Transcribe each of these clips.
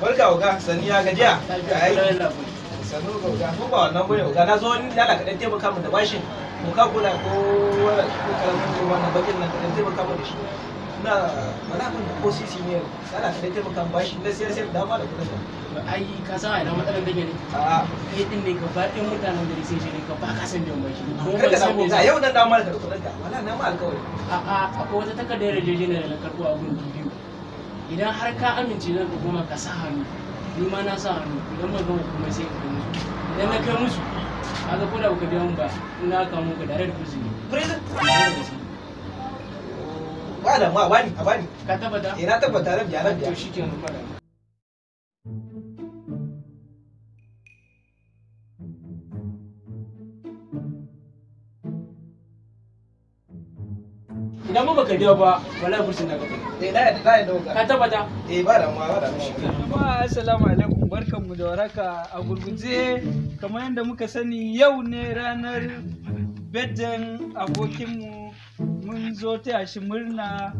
Barka oga sani ya gajiya? Ai. Sanu ga oga ko ba wannan bane oga na zo ni lala kadan taimaka mu da bashin. Ko ka kula ko ko kan wannan bakin nan kadan taimaka mu da shi. na wani abin da ko sisi da ana sai taimakan bashi na siyar siyar dama da kudin ai ka san ina matsalar da ne a kai din ne gaba ɗayan mutanen gari sai shi ne ka ba ka san biyan bashi ko ba san me yau dan dama da kudin ka wala na ma alƙawari a a akwai wata takardar yarjejeniya da na karɓo a gurin biyu idan har ka amince zan ka goma ka sa hannu ni ma na sa hannu idan ban gama kuma sai ka musu idan na kai musu a ko da baka biya mu ba na kawo muka da red prison prison ba da ma bani a bani ka tabbata eh na tabbata ran biya ran biya to shikenan fara idan mu baka biya ba wallahi kursin da kake eh da da da ka tabbata eh ba da ma ba da ma assalamu alaikum barkanmu da waraka a gurguje kamar yadda muka sani yau ne ranar bedin abokinmu mun zo taya shi murna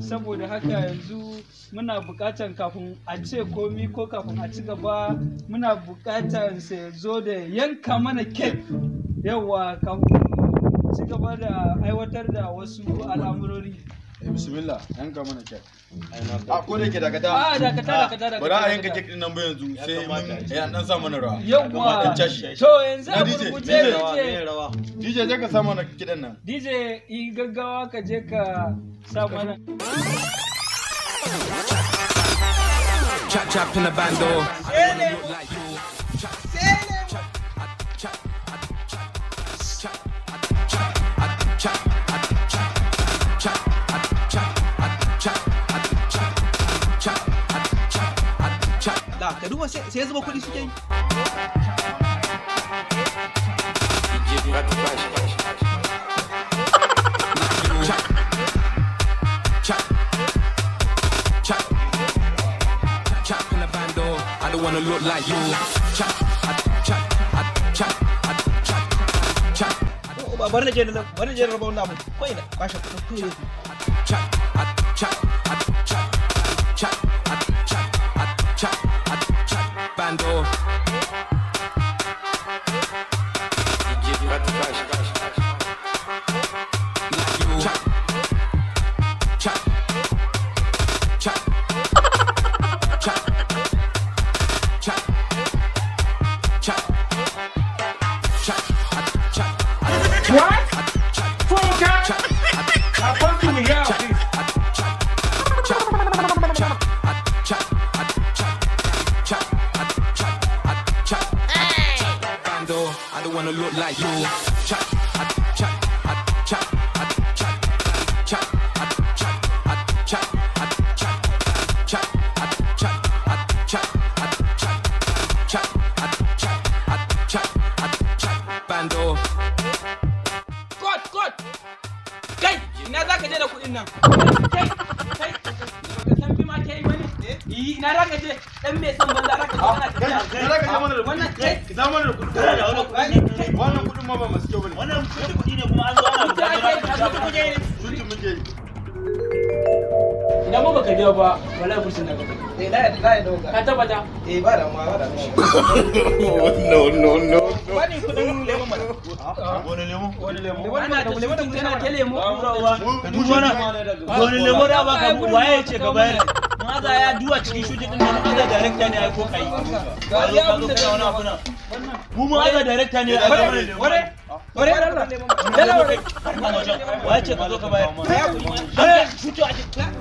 saboda haka yanzu muna buƙatar kafin a ce komi ko kafin a ci gaba muna buƙatar sa ya zo da yanka mana kek yawa kafin ci gaba da aiwatar da wasu al'amurori Eh, bismillah yanka mana a ah, ko da ke dakata a ah, dakata dakata ah, dakata bari a yanka kek din nan ba yanzu sai mun ya eh, dan sa mana rawa yawa to yanzu a gurguje DJ DJ zai ka sa mana kidan nan DJ i gaggawa ka je ka sa mana Chop chop in the bando. da ka duba sai ya zuba kuɗi wanna look like you. Chat, chat, chat, chat, chat. Bari na je nan, bari na je raba wannan abin. Ko ina, ba shi kuɗi, ko ina. Chat, chat, chat, chat, chat. Oh. wanna look like you. Chat, I chat, I chat, I chat, chat, I chat, I chat, I chat, chat, I chat, I chat, I chat, chat, I chat, I chat, I chat, bando. God, God, kai, na get daina kuɗin nan. now. ina raka je dan je ah, je ma kuma baka biya ba wallahi kursin da gaba eh la la doga ka tabbata eh ba da ma ba da no no no wani kudin lemon mana ah, wani lemon wani lemon wannan da lemon da kana ta lemon kurawa wani lemon da ba ka waye ce ka bayar maza ya duwa cikin shudi din nan maza director ne ai ko kai wani abu da wani abu nan mu maza director ne ai wani wani wani Allah dala wani wa ce ka zo ka bayar ya ku shi to a cikin